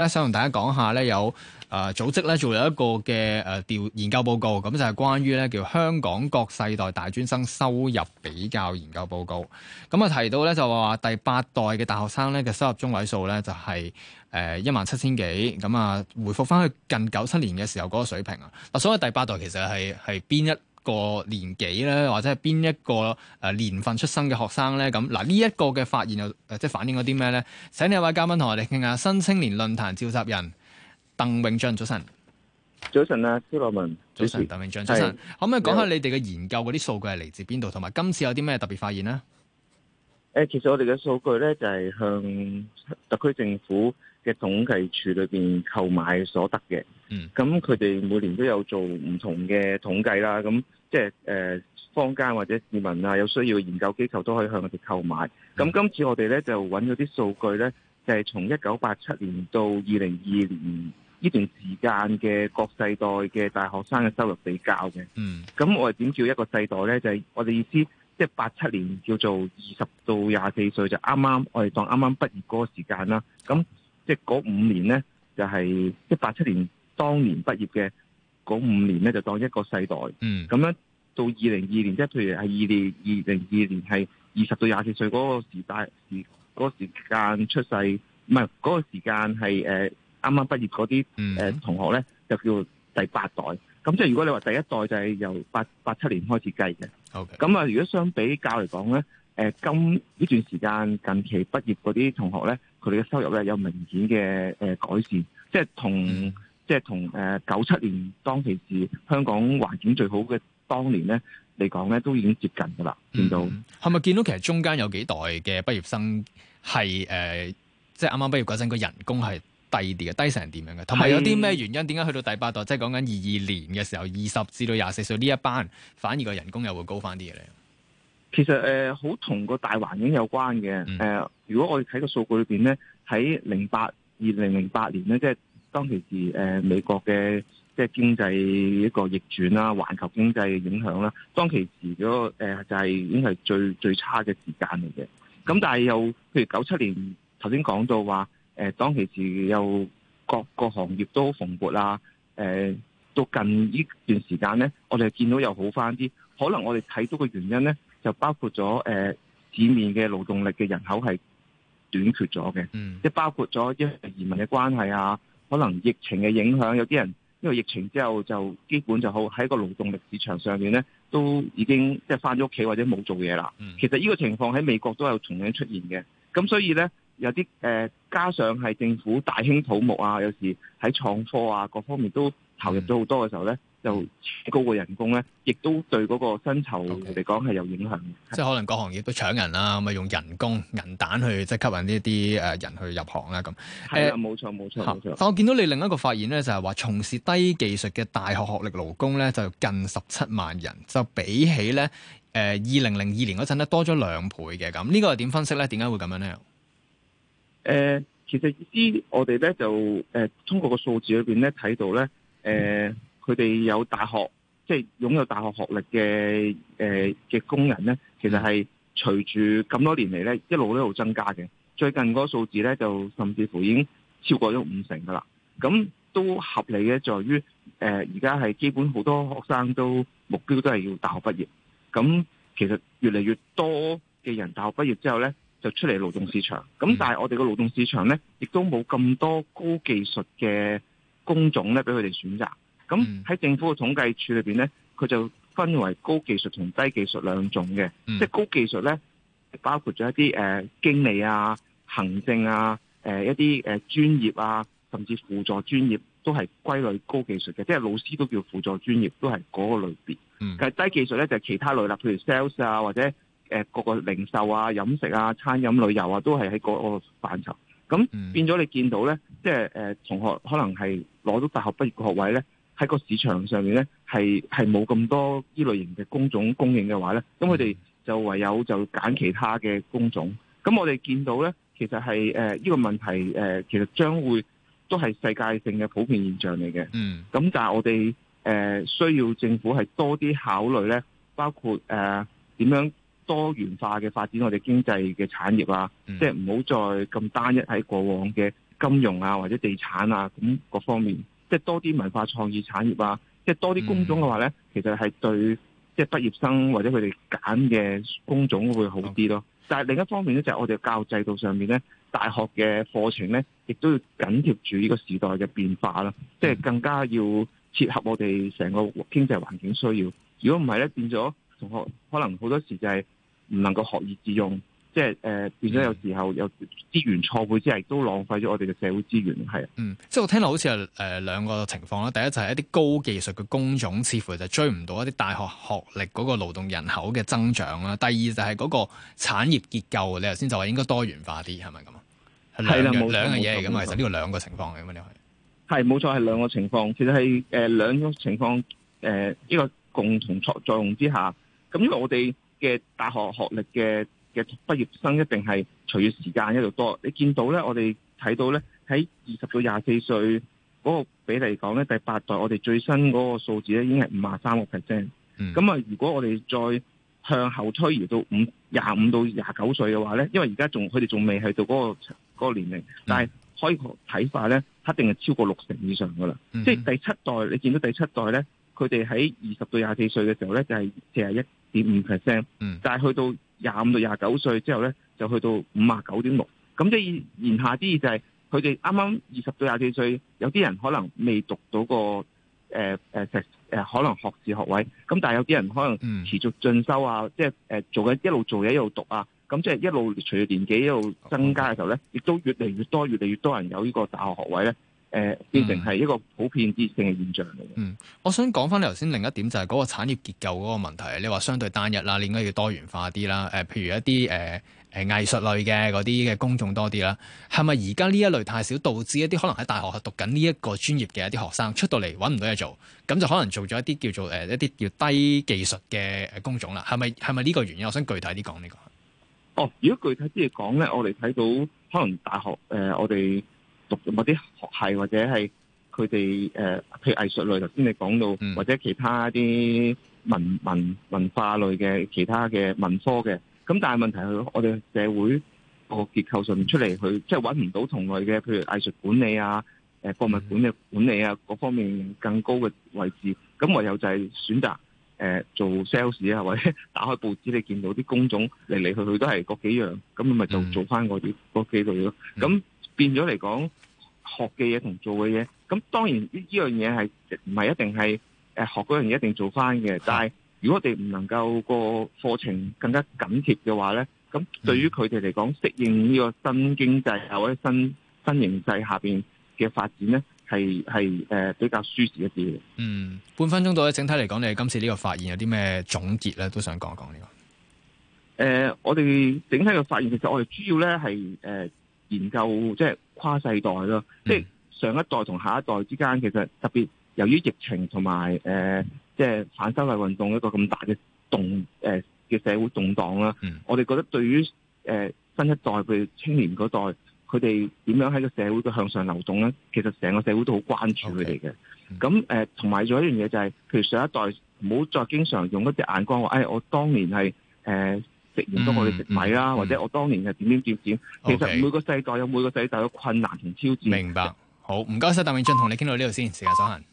咧想同大家講下咧，有、呃、組織咧做咗一個嘅誒調研究報告，咁就係關於咧叫《香港各世代大專生收入比較研究報告》。咁啊提到咧就話第八代嘅大學生咧嘅收入中位數咧就係一萬七千幾，咁、呃、啊回復翻去近九七年嘅時候嗰個水平啊。嗱，所謂第八代其實係係邊一？個年紀咧，或者係邊一個誒年份出生嘅學生咧？咁嗱，呢一個嘅發現又誒，即係反映咗啲咩咧？請另一位嘉賓同我哋傾下。新青年論壇召集人鄧詠駿，早晨。早晨啊，肖樂文。早晨，鄧詠駿，早晨。可唔可以講下你哋嘅研究嗰啲數據係嚟自邊度同埋今次有啲咩特別發現呢？誒，其實我哋嘅數據咧就係向特區政府嘅統計處裏邊購買所得嘅。嗯。咁佢哋每年都有做唔同嘅統計啦。咁即係誒坊間或者市民啊，有需要研究機構都可以向我哋購買。咁今次我哋咧就揾咗啲數據咧，就係從一九八七年到二零二二年呢段時間嘅各世代嘅大學生嘅收入比較嘅。嗯，咁我哋點叫一個世代咧？就係、是、我哋意思，即係八七年叫做二十到廿四歲就啱啱，我哋當啱啱畢業嗰個時間啦。咁即係嗰五年咧，就係即八七年當年畢業嘅。嗰五年咧就當一個世代，咁、嗯、咧到二零二年，即係譬如係二年二零二年係二十到廿四歲嗰個時代時，嗰、那個時間出世，唔係嗰個時間係誒啱啱畢業嗰啲誒同學咧，就叫做第八代。咁即係如果你話第一代就係由八八七年開始計嘅。ok。咁啊，如果相比較嚟講咧，誒、呃、今呢段時間近期畢業嗰啲同學咧，佢哋嘅收入咧有明顯嘅誒改善，即係同。嗯即係同誒九七年當其時香港環境最好嘅當年咧嚟講咧都已經接近噶啦，見到係咪見到其實中間有幾代嘅畢業生係誒，即係啱啱畢業嗰陣個人工係低啲嘅，低成點樣嘅？同埋有啲咩原因？點解去到第八代，即係講緊二二年嘅時候，二十至到廿四歲呢一班反而個人工又會高翻啲嘅咧？其實誒，好同個大環境有關嘅。誒、嗯呃，如果我哋睇個數據裏邊咧，喺零八二零零八年咧，即係。當其時，誒美國嘅即係經濟一個逆轉啦，環球經濟嘅影響啦，當其時嗰個就係已經係最最差嘅時間嚟嘅。咁但係又，譬如九七年頭先講到話，誒當其時又各個行業都蓬勃啦，誒到近呢段時間咧，我哋見到又好翻啲。可能我哋睇到嘅原因咧，就包括咗誒市面嘅勞動力嘅人口係短缺咗嘅，即、嗯、係包括咗因移民嘅關係啊。可能疫情嘅影響，有啲人因為疫情之後就基本就好喺個勞動力市場上面咧，都已經即係返咗屋企或者冇做嘢啦。其實呢個情況喺美國都有同樣出現嘅，咁所以呢，有啲誒、呃，加上係政府大興土木啊，有時喺創科啊各方面都投入咗好多嘅時候呢。就高過人工咧，亦都對嗰個薪酬嚟講係有影響，okay。即係可能各行業都搶人啦，咁啊用人工銀彈去即係吸引呢一啲誒人去入行啦。咁係啊，冇錯冇錯冇錯。但我見到你另一個發現咧，就係話從事低技術嘅大學學歷勞工咧，就近十七萬人，就比起咧誒二零零二年嗰陣咧多咗兩倍嘅。咁呢個係點分析咧？點解會咁樣咧？誒、呃，其實依我哋咧就誒、呃、通過個數字裏邊咧睇到咧誒。呃嗯佢哋有大學，即係擁有大學學歷嘅，誒嘅工人呢，其實係隨住咁多年嚟呢一路一路增加嘅。最近嗰個數字呢，就甚至乎已經超過咗五成噶啦。咁都合理嘅，呃、在於誒而家係基本好多學生都目標都係要大學畢業。咁其實越嚟越多嘅人大學畢業之後呢，就出嚟勞動市場。咁但係我哋個勞動市場呢，亦都冇咁多高技術嘅工種呢俾佢哋選擇。咁喺政府嘅統計處裏面咧，佢就分為高技術同低技術兩種嘅、嗯。即係高技術咧，包括咗一啲誒、呃、經理啊、行政啊、誒、呃、一啲誒專業啊，甚至輔助專業都係歸類高技術嘅。即係老師都叫輔助專業，都係嗰個類別、嗯。但係低技術咧，就係、是、其他類啦，譬如 Sales 啊，或者誒、呃、各個零售啊、飲食啊、餐飲旅遊啊，都係喺嗰個範疇。咁、嗯、變咗你見到咧，即係誒、呃、同學可能係攞到大學畢業嘅學位咧。喺個市場上面呢，係係冇咁多呢類型嘅工種供應嘅話呢，咁佢哋就唯有就揀其他嘅工種。咁我哋見到呢，其實係誒呢個問題誒、呃，其實將會都係世界性嘅普遍現象嚟嘅。嗯，咁但係我哋誒、呃、需要政府係多啲考慮呢，包括誒點、呃、樣多元化嘅發展我哋經濟嘅產業啊，嗯、即係唔好再咁單一喺過往嘅金融啊或者地產啊咁各方面。即係多啲文化創意產業啊！即係多啲工種嘅話呢，mm -hmm. 其實係對即係畢業生或者佢哋揀嘅工種會好啲咯。Mm -hmm. 但係另一方面呢，就係我哋教育制度上面呢，大學嘅課程呢，亦都要緊貼住呢個時代嘅變化啦。Mm -hmm. 即係更加要切合我哋成個經濟環境需要。如果唔係呢，變咗同學可能好多時就係唔能夠學以致用。即係誒、呃，變咗有時候有資源錯配，之係都浪費咗我哋嘅社會資源，係啊。嗯，即係我聽落好似係誒兩個情況啦。第一就係一啲高技術嘅工種，似乎就追唔到一啲大學學歷嗰個勞動人口嘅增長啦。第二就係嗰個產業結構，你頭先就話應該多元化啲，係咪咁啊？係啦，冇兩嘅嘢係咁。其實呢個兩個情況嘅，咁你係係冇錯，係兩個情況，其實係誒兩個情況誒呢個共同作作用之下。咁因為我哋嘅大學學歷嘅。嘅畢業生一定係隨住時間一路多，你見到咧，我哋睇到咧喺二十到廿四歲嗰個比例嚟講咧，第八代我哋最新嗰個數字咧已經係五十三個 percent。咁啊、嗯，如果我哋再向後推移到五廿五到廿九歲嘅話咧，因為而家仲佢哋仲未去到嗰、嗰個嗰個年齡，嗯、但係可以睇法咧，一定係超過六成以上噶啦、嗯。即係第七代，你見到第七代咧，佢哋喺二十到廿四歲嘅時候咧就係四十一點五 percent，但係去到廿五到廿九歲之後呢，就去到五十九點六。咁即係言下之意就係佢哋啱啱二十到廿四歲，有啲人可能未讀到個誒、呃呃呃、可能學士學位。咁但係有啲人可能持續進修啊，嗯、即係做緊一路做嘢一路讀啊。咁即係一路隨住年紀一路增加嘅時候呢，亦都越嚟越多越嚟越多人有呢個大學學位呢。誒、呃，變成係一個普遍知性嘅現象嚟嘅。嗯，我想講翻你頭先另一點就係嗰個產業結構嗰個問題。你話相對單一啦，你應該要多元化啲啦。誒、呃，譬如一啲誒誒藝術類嘅嗰啲嘅工種多啲啦。係咪而家呢一類太少，導致一啲可能喺大學讀緊呢一個專業嘅一啲學生出到嚟揾唔到嘢做，咁就可能做咗一啲叫做誒、呃、一啲叫低技術嘅工種啦。係咪係咪呢個原因？我想具體啲講呢個。哦，如果具體啲嚟講咧，我哋睇到可能大學誒、呃，我哋。讀咗某啲學系或者係佢哋誒，譬如藝術類頭先你講到、嗯，或者其他啲文文文化類嘅其他嘅文科嘅，咁但係問題係我哋社會個結構上面出嚟去、嗯，即係揾唔到同類嘅，譬如藝術管理啊，誒博物館嘅管理啊，各方面更高嘅位置。咁唯有就係選擇誒、呃、做 sales 啊，或者打開報紙，你見到啲工種嚟嚟去去都係嗰幾樣，咁咪就做翻嗰啲嗰幾類咯。咁、嗯變咗嚟講，學嘅嘢同做嘅嘢，咁當然呢呢樣嘢係唔係一定係誒學嗰樣嘢一定做翻嘅，但係如果我哋唔能夠個課程更加緊貼嘅話咧，咁對於佢哋嚟講適應呢個新經濟或者新新形勢下邊嘅發展咧，係係誒比較舒適一啲嘅。嗯，半分鐘到咧，整體嚟講，你今次呢個發現有啲咩總結咧，都想講講呢個。誒、呃，我哋整體嘅發現，其實我哋主要咧係誒。呃研究即係、就是、跨世代咯，即、就、係、是、上一代同下一代之間其實特別由於疫情同埋誒即係反修例運動一個咁大嘅動誒嘅、呃、社會動蕩啦、嗯。我哋覺得對於誒、呃、新一代譬如青年嗰代，佢哋點樣喺個社會嘅向上流動咧？其實成個社會都好關注佢哋嘅。咁誒同埋仲有一樣嘢就係、是、譬如上一代唔好再經常用一隻眼光話誒、哎、我當年係誒。呃食完咗我哋食米啦，嗯嗯，或者我當年係點點點點，其實每個世代有每個世代嘅困難同挑戰。明白，好唔該晒，鄧詠駿同你傾到呢度先，時間所限。